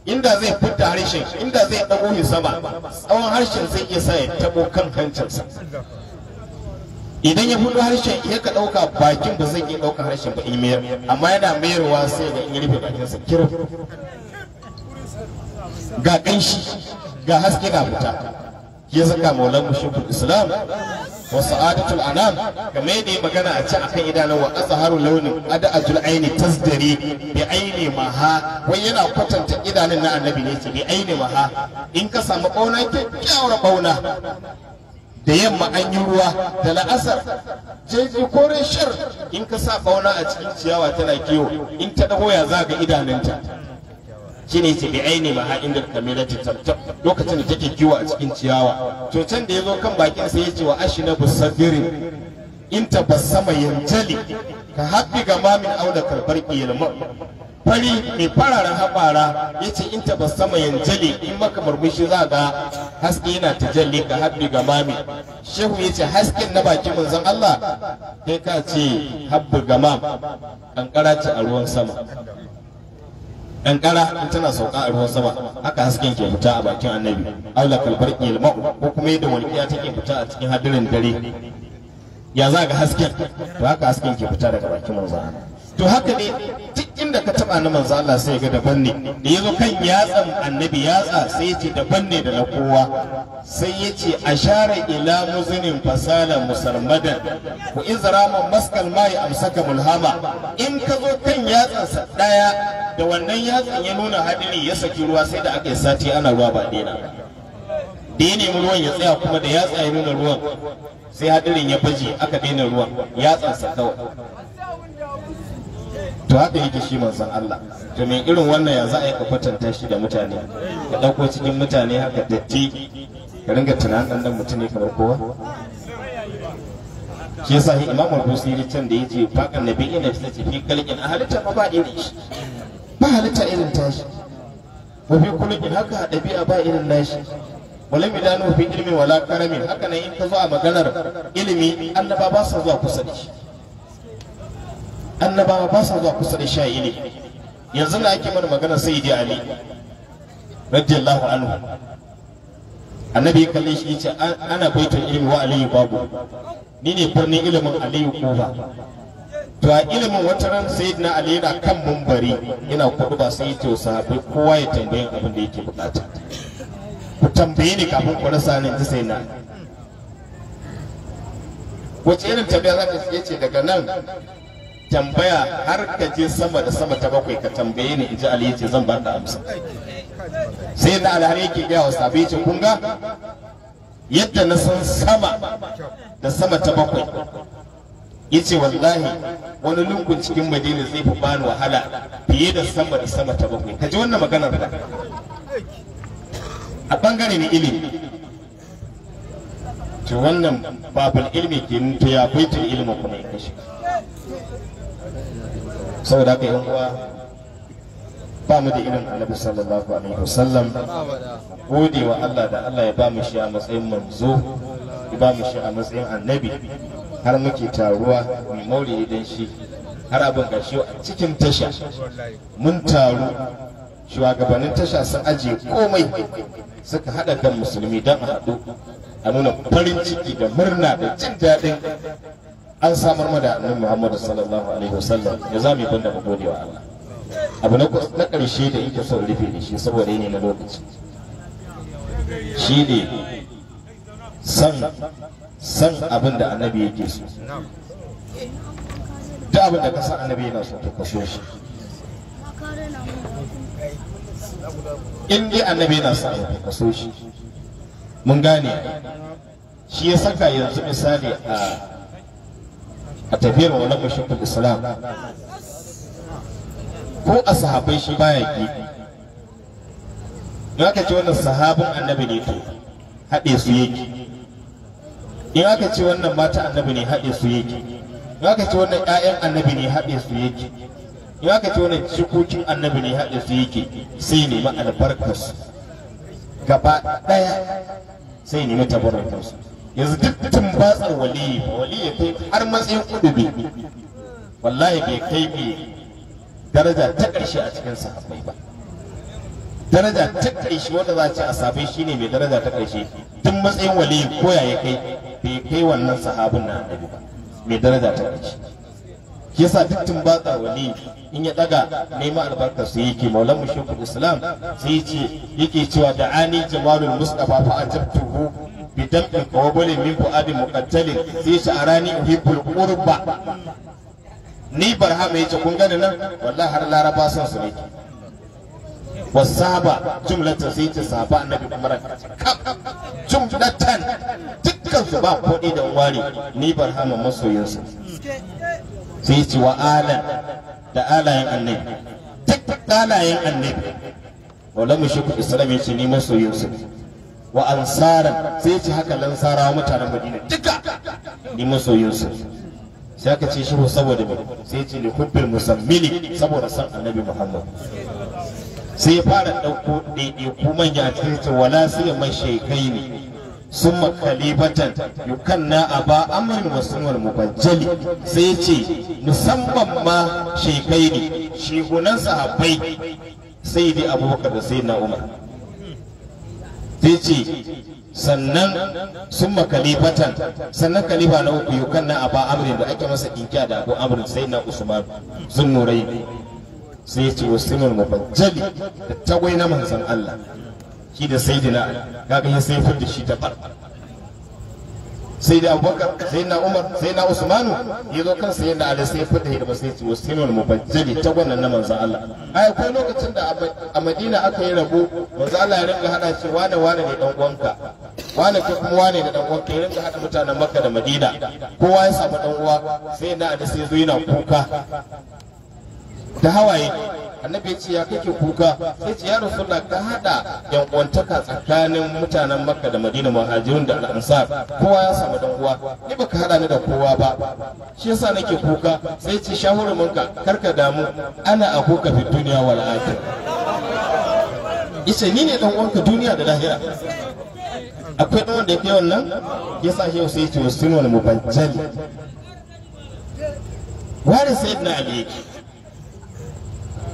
inda zai fita harshen inda zai dago ya sama tsawon harshen zai iya sa ya tabo kan hancinsa idan ya fito harshen ya ka dauka bakin ba zai iya dauka harshen ba mayar, amma yana mayarwa sai ga in rufe bakinsa kirin ga kanshi ga haske na fita ya saka maulan mushukul islam wa sa'adatul anam game da magana a ci akan idanun wa asharu launin ad'atul aini tasdari bi aini maha wai yana kwatanta idanun na annabi ne ce bi aini maha in ka samu bauna kyakkyawar bauna da yamma an yi ruwa da la'asar jeji kore shar in ka sa bauna a cikin ciyawa tana kiwo in ta dago ya zaga idanunta shine su bi aini ma ha'indar ta tabtab lokacin da take kiwo a cikin ciyawa to can da yazo kan bakin sai yace wa ashna busabirin in tabassama yanjali ka habbi min auda karbarki yalma fari mai fararen haɓara ya ce in ba sama yanjali in maka murmushi za ga haske yana tajalli ga habbi ga mami shehu ya ce hasken na mun manzon Allah kai ka ce habbi ga mam kankara ce a ruwan sama kankara in tana sauka a ruwan sama haka hasken ke fita a bakin annabi aula kalbar ilma ko kuma yadda walƙiya take fita a cikin hadirin dare ya za ga hasken to haka hasken ke fita daga bakin manzo to haka ne inda ka taba na manzo Allah sai ga daban ne da yazo kan yatsan annabi yatsa sai yace daban ne da na kowa sai yace ashara ila muzinin fasala musarmadan ku izrama maskal mai amsaka mulhama in ka zo kan yatsansa daya da wannan yatsan ya nuna hadiri ya saki ruwa sai da aka sati ana ruwa ba dena da ya nemi ruwan ya tsaya kuma da yatsa ya nuna ruwan sai hadirin ya baje aka daina ruwan yatsansa kawai to haka yake shi manzon Allah to me irin wannan ya za a yi ka kwatanta shi da mutane ka ɗauko cikin mutane haka datti ka ringa tunanin dan mutum ne kamar kowa shi yasa shi imam al-busiri can da yake fakan nabi ina fi tace fi kalkin halitta ba ba irin shi ba halitta irin tashi wa fi kulkin haka dabi'a ba irin nashi wala midanu fi ilmi wala karami haka ne in ka zo a maganar ilimi annaba ba sa zuwa kusa da shi annabawa ba sa zuwa kusa da sha'ili. yanzu na ake mana magana sai da ali radiyallahu anhu annabi ya kalle shi yace ana baitul ilmi wa aliyu babu ni ne birnin ilimin aliyu kuma to a ilimin wata ran sayyidina ali yana kan mumbari yana kudu ba sai yace sahabbai kowa ya tambaye abin da yake bukata ku tambaye ni kafin ku rasa ni sai na wace irin tambaya zaka yace daga nan tambaya har ka je sama da sama ta bakwai ka tambaye ni in ji Ali yace zan baka amsa sai da alhari yake ga wa sabi ce kun ga yadda na san sama da sama ta bakwai yace wallahi wani lungun cikin madina zai fi bani wahala fiye da sama da sama ta bakwai ka ji wannan maganar da a bangare ne ilimi to wannan babul ilmi ke to ya baitul ilmi kuma ya kashe saboda haka yan uwa ba mu da irin annabi sallallahu alaihi wasallam gode wa Allah da Allah ya ba mu shi a matsayin manzo ya ba mu shi a matsayin annabi har muke taruwa mai maulidi idan shi har abin gashi a cikin tasha mun taru shugabannin tasha sun ajiye komai suka haɗa kan musulmi dan a haɗu a nuna farin ciki da murna da jin daɗin an samar mada annabi Muhammad sallallahu alaihi wasallam ya zami banda mu gode wa Allah abu na ƙarshe da yake son rufe da shi saboda yana na lokaci shi ne san san abin da annabi yake so duk abin da ka san annabi yana so ta kaso shi in dai annabi yana so ta kaso shi mun gane shi ya saka yanzu misali a a tafiya ma wannan mashakul islam ko a sahabai shi baya gefe ya ka ce wannan sahabin annabi ne to haɗe su yake ya ka ce wannan mata annabi ne haɗe su yake ya ka ce wannan ƴaƴan annabi ne haɗe su yake ya ka ce wannan cikokin annabi ne haɗe su yake sai nemi albarkarsu gaba ɗaya sai nemi kansu yanzu duk tun batsar waliyi waliyi kai har matsayin kudubi wallahi bai kai bi daraja ta ƙarshe a cikin sahabbai ba daraja ta ƙarshe wanda za a ce a sabai shine mai daraja ta ƙarshe tun matsayin waliyi ko ya kai bai kai wannan sahabin na annabi ba mai daraja ta ƙarshe yasa duk tun batsa waliyi in ya daga neman albarkar su yake maulan mushekul islam sai yake cewa da ani jamalul mustafa fa ajabtuhu بدفع قبول من فؤاد مقتل في شعراني أحب القربة ni barha mai ce kun gani nan wallahi har laraba sun su ne wasaba jumlatan sai ce sahaba annabi umar kaf jumlatan dukkan su ba kuɗi da wari ni barha ma masoyinsu sai ce wa da alayen annabi duk alayen annabi wala mushriku islamin shi ni masoyinsu wa ansara sai ci haka wa mutanen madina duka ni masoyinsu sai aka ce shi saboda me sai ce li hubbil musammini saboda san annabi muhammad sai ya fara ɗauko ɗaiɗaiku manya a cikin ta wala sai mai shekai ne sun makalibatan yukan na a ba amurin wasuwar mubajjali sai ce musamman ma shekai ne shegunan sahabbai sai dai abubakar da sai na umar sai sannan sun kalifatan sannan kalifa na uku yukan na aba amrin da ake masa inkiya da abu amrin sai na usman sun nurai sai ce wasimul mubajjali da tagwai na manzon Allah shi da sayyidina kaga ya sai fitar da shi ta farfar sai da abubakar sai na umar sai na usmanu ya zo kan sai da ali sai fita hidima sai ciwo sai wani mubajjali ta wannan na manzan Allah ai akwai lokacin da a Madina aka yi rabo manzan Allah ya ringa hada shi wane wane ne dan uwanka wane ke kuma wane ne dan uwanka ya ringa hada mutanen Makka da Madina kowa ya samu dan uwa sai na ali sai zo yana kuka da hawaye annabi ce ya kake kuka sai ce ya rasulullah ka hada yankwantaka tsakanin mutanen makka da madina muhajirun da al'ansar kowa ya samu dan uwa ni baka hada ni da kowa ba shi yasa nake kuka sai ce shahurumanka karka damu ana kuka fi duniya wal akhir yace ni ne dan uwanka duniya da lahira akwai ɗan wanda yake wannan ya sa yau sai ce wasu sunan mubajjal wani sayyidina ali yake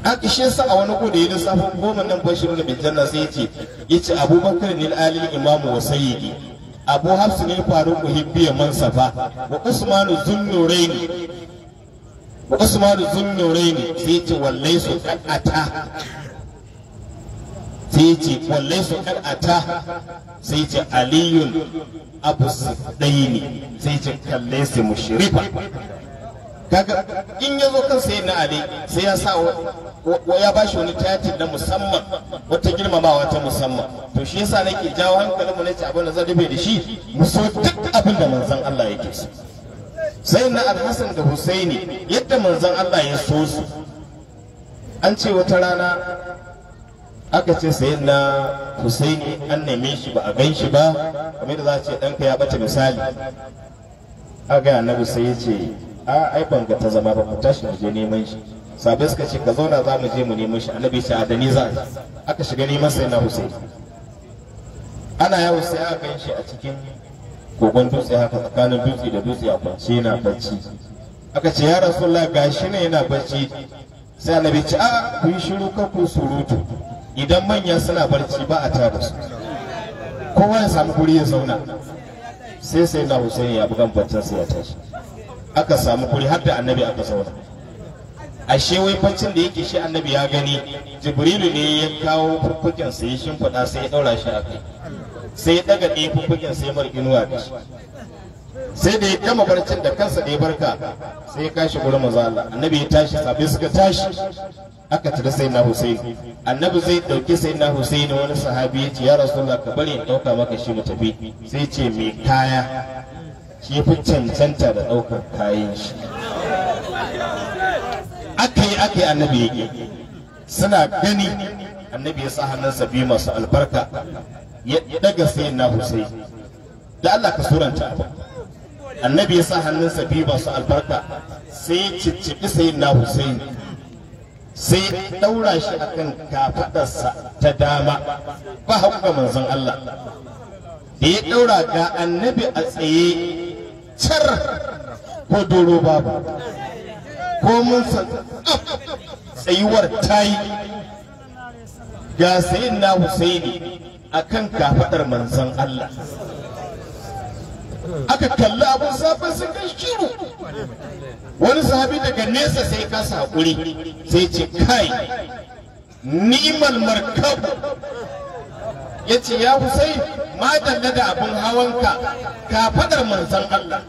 haka sa a wani gudu da lissafin goma nan bashi bashiru bin bijanna sai yace yace abubakar ne ali imamu wa sayyidi abu hafsu ne faru ku hibbiya mansafa wa usmanu zunnuraini wa usmanu zunnuraini sai yace wallai su kakata sai yace wallai su kakata sai yace aliyun abu sudaini sai yace kalle su mushrifa kaga in yazo kan sai na ali sai ya sa wa ya bashi wani tiyatin na musamman wata girmamawa ta musamman to shi yasa nake jawo hankalin mu nace abin da zan rufe da shi mu so duk abin da manzon Allah yake so sai na alhassan da husaini yadda manzon Allah ya so su an ce wata rana aka ce sai na husaini an neme shi ba a gan shi ba kamar da za a ce ɗanka ya bata misali a ga annabi sai ya ce a ai ban ga ta zama ba ku tashi je neman shi sabai suka ce ka zauna za mu je mu neman shi annabi sai a dani za aka shiga neman sai na husai ana yawo sai aka kai shi a cikin kogon dutse haka tsakanin dutse da dutse a kwance yana bacci aka ce ya rasulullah gashi ne yana bacci sai annabi ce a ku yi shiru ka ku surutu idan manya suna barci ba a tada su kowa ya samu guri ya zauna sai sai na husaini ya bugan baccin sai ya tashi aka samu kuri har da annabi aka saura ashe wai faccin da yake shi annabi ya gani jibrilu ne ya kawo fuffukin sa ya shimfiɗa sai ya ɗaura shi a kai sai ya ɗaga ɗaya fuffukin sai mar inuwa da shi sai da ya gama barcin da kansa da ya barka sai ya kashi gurin manzo Allah annabi ya tashi sabai suka tashi aka tada sai na Hussein annabi zai dauki sai na Hussein wani sahabi ya ce ya rasulullah ka bari in dauka maka shi mu tafi sai ce me kaya shi fi cancanta da ɗaukar kayan shi aka yi aka yi annabi ya suna gani annabi ya sa hannunsa biyu masu albarka ya daga sai na husai da Allah ka suranta ba. annabi ya sa hannunsa biyu masu albarka sai ya cicciɓi sayin na husai sai ɗaura shi akan kafaɗarsa ta dama ba hakuka manzon Allah da ya ɗaura ga annabi a tsaye car ko doro babu ko mun san tsayuwar ta ga sayin na husaini a kan kafaɗar manzon Allah aka kalli abin safin sun kai shiru wani sahabi daga nesa sai kasa hakuri sai ce kai ni'mal markabu ya ce ya husai madalla da abin hawanka ka fadar manzan Allah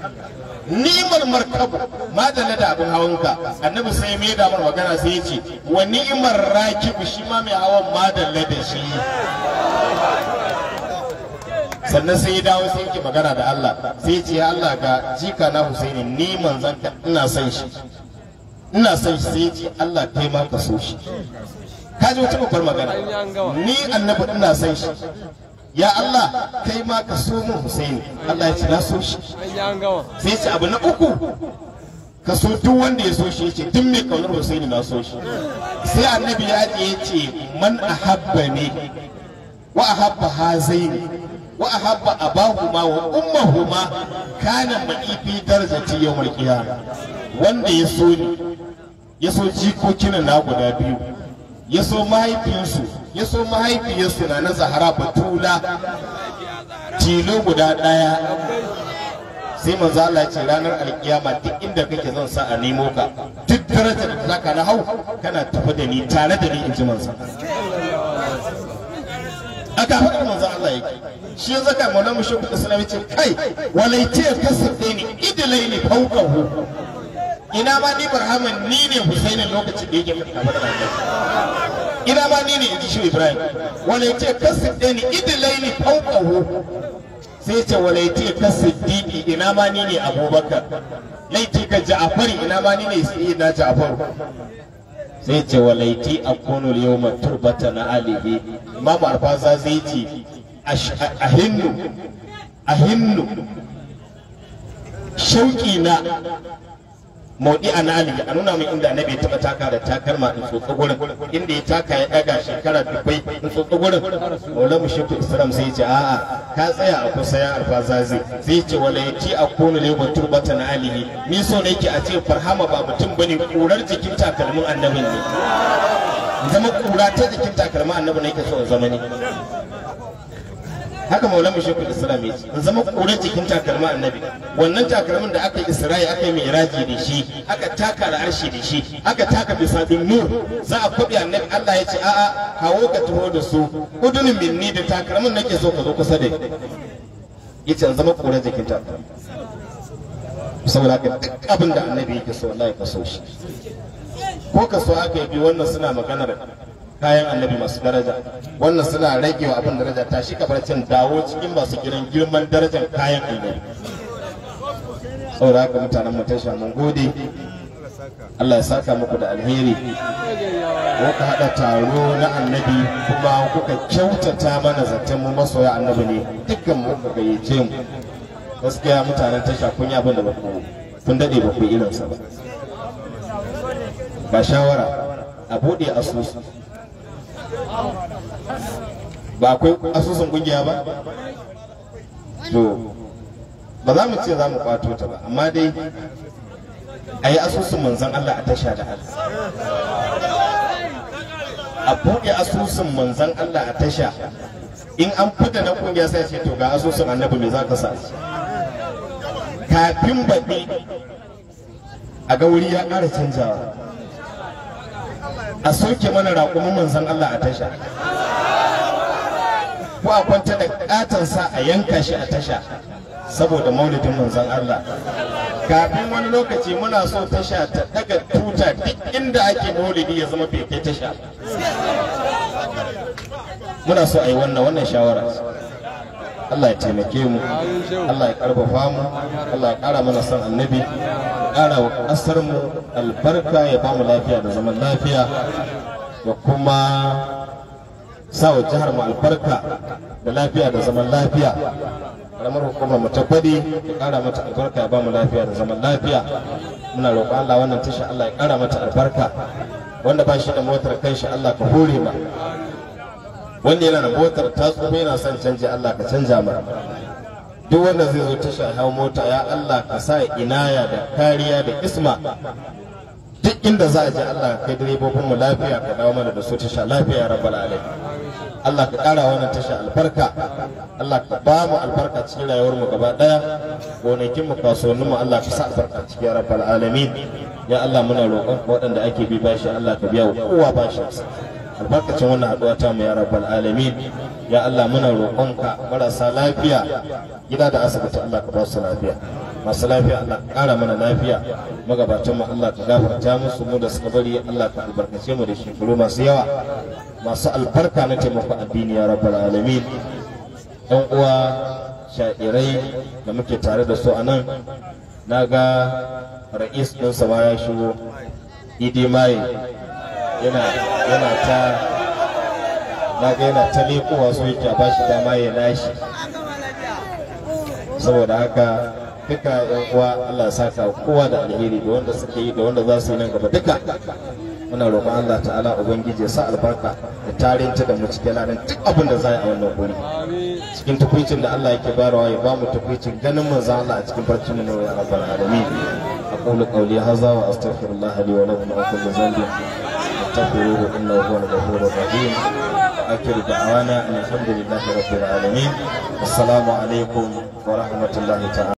ni'imar markabu madalla da abin hawanka annabi sai mai damar magana sai ya ce wa ni'imar rakibu shi ma mai hawan madalla da shi sannan sai ya dawo sai yake magana da Allah sai ya ce ya Allah ga jika na Husaini ni manzan ka ina son shi ina son shi sai ya ce Allah kai ma ka so shi ka ji wata babbar magana ni annabi ina san shi ya Allah kai ma ka so mu Husaini Allah ya ce na so shi sai ce abu na uku ka so duk wanda ya so shi yace duk mai kaunar Husaini na so shi sai annabi ya ce yace man ni wa ahabba hazaini wa ahabba abahuma wa ummahuma kana ma'ifi darajati yawmal qiyamah wanda ya so ni ya so jikokin na guda biyu ya so mahaifiyarsu ya so mahaifiyarsu na na zahara batula tilo guda ɗaya sai manzo Allah ce ranar alkiyama duk inda kake zan sa a nemo ka duk darajar da zaka na hau kana tafi da ni tare da ni in ji manzo aka faɗa manzo Allah yake shi ya zaka maulana mushrik ya ce kai walaita kasabdani idlaini fawqahu ina ba ni Ibrahim ni ne husainin lokacin da yake bar mata ina ba ni ne in shi ibrahim wala yace ce kasid ɗani idilaini fauƙahu sai ce wala yace ce kasid ina ba ni ne abubakar laiti ka Ja'far ina ba ni ne sai na Ja'far sai ce wala a akunu yau turbata na alihi imamu alfaza zai ce a hinnu shauki na mauɗi a na aliyu a nuna mai inda annabi ya taɓa taka da takalma in tsotso gurin inda ya taka ya ɗaga shekara dubbai in tsotso gurin wala mu shekku islam sai ce a'a ka tsaya a kusa ya zazi sai ce wala ci a kone ne ba turbata na aliyu ni so ne ke a ce farhama ba mutum ne kurar jikin takalmin annabin ne zama kura ta jikin takalmin annabi ne ke so zama ne haka maulan shekul islam ya ce zama kura cikin takalma annabi wannan takalmin da aka yi isra'i aka yi miraji da shi aka taka da arshi da shi aka taka bisa nur za a kwabi annabi allah ya ce a'a kawo ka taho da su udunin minni da takalmin nake so ka zo kusa da ya ce zama kura cikin takalma saboda haka duk abin da annabi yake so wallahi shi ko ka so aka yi wannan suna maganar kayan annabi masu daraja wannan suna rage wa abin daraja ta shi kabar can dawo cikin masu giran girman darajar kayan annabi saboda mutanen mu tasha mun gode Allah ya saka muku da alheri Ko ka haɗa taro na annabi kuma kuka kyautata mana zaton mu masoya annabi ne dukkan mu ka gayyace mu gaskiya mutanen tasha kun yi abin da ba ku kun daɗe ba ku yi irinsa ba Ba shawara a buɗe asusu ba akwai asusun kungiya ba to ba za mu ce za mu kwato ta ba amma dai a yi asusun manzan Allah a tasha da Allah a buɗe asusun manzan Allah a tasha in an fita na kungiya sai ce to ga asusun annabi me za ka sa kafin baɗi a ga wuri ya ƙara canjawa a soke mana raƙumin manzan Allah a tasha ko a kwanta da katansa a yanka shi a tasha saboda maulidin manzan Allah kafin wani lokaci muna so tasha ta daga tuta duk inda ake maulidi ya zama bai tasha muna so a yi wannan wannan shawara Allah ya taimake mu Allah ya karfafa mu Allah ya kara mana son annabi ƙara wa ƙasarmu albarka ya ba mu lafiya da zaman lafiya da kuma sa wa jihar mu albarka da lafiya da zaman lafiya karamar hukumar mu ta gwadi ya kara mata albarka ya ba mu lafiya da zaman lafiya muna roƙon Allah wannan tasha Allah ya kara mata albarka wanda ba shi da motar kan shi Allah ka hore ma wanda yana da motar ta tsufa yana son canji Allah ka canja mu duk wanda zai zo tashar hau mota ya Allah ka sa inaya da kariya da isma duk inda za a ji Allah ka kai direbobin mu lafiya ka dawo mana da su tasha lafiya rabbal alamin Allah ka kara wannan tasha albarka Allah ka ba mu albarka cikin rayuwar mu gaba daya gonakin mu kasuwannin mu Allah ka sa albarka cikin rabbal alamin ya Allah muna roƙon waɗanda ake bi bashi Allah ka biya wa kowa bashi albarkacin wannan haɗuwa ta mu ya rabbal alamin ya Allah muna roƙonka marasa lafiya gida da asibiti Allah ka ba su lafiya masu lafiya Allah ka ƙara mana lafiya magabatan mu Allah ka gafarta musu mu da suka bari Allah ka albarkace mu da shekaru masu yawa masu albarka na taimako addini ya rabbal alamin ɗan uwa sha'irai da muke tare da su a nan na ga ra'is ɗinsa ma ya shigo idi maye yana ta na ga yana ta leƙowa so yake ba shi dama ya nashi saboda haka duka yan uwa Allah saka kowa da alheri da wanda suke yi da wanda za su yi nan gaba duka muna roƙon Allah ta'ala ubangiji ya sa albarka da tarinta da mu cikin ladan duk abin da za a wannan guri cikin tukuicin da Allah yake barawa ya ba mu tukuicin ganin manzo Allah a cikin barcin mu ya rabbal alamin aqulu qawli hadha wa astaghfirullah li wa lakum wa kullu dhanbin astaghfiruhu innahu huwal ghafurur rahim akhir da'wana alhamdulillahi rabbil alamin assalamu alaikum wa rahmatullahi ta'ala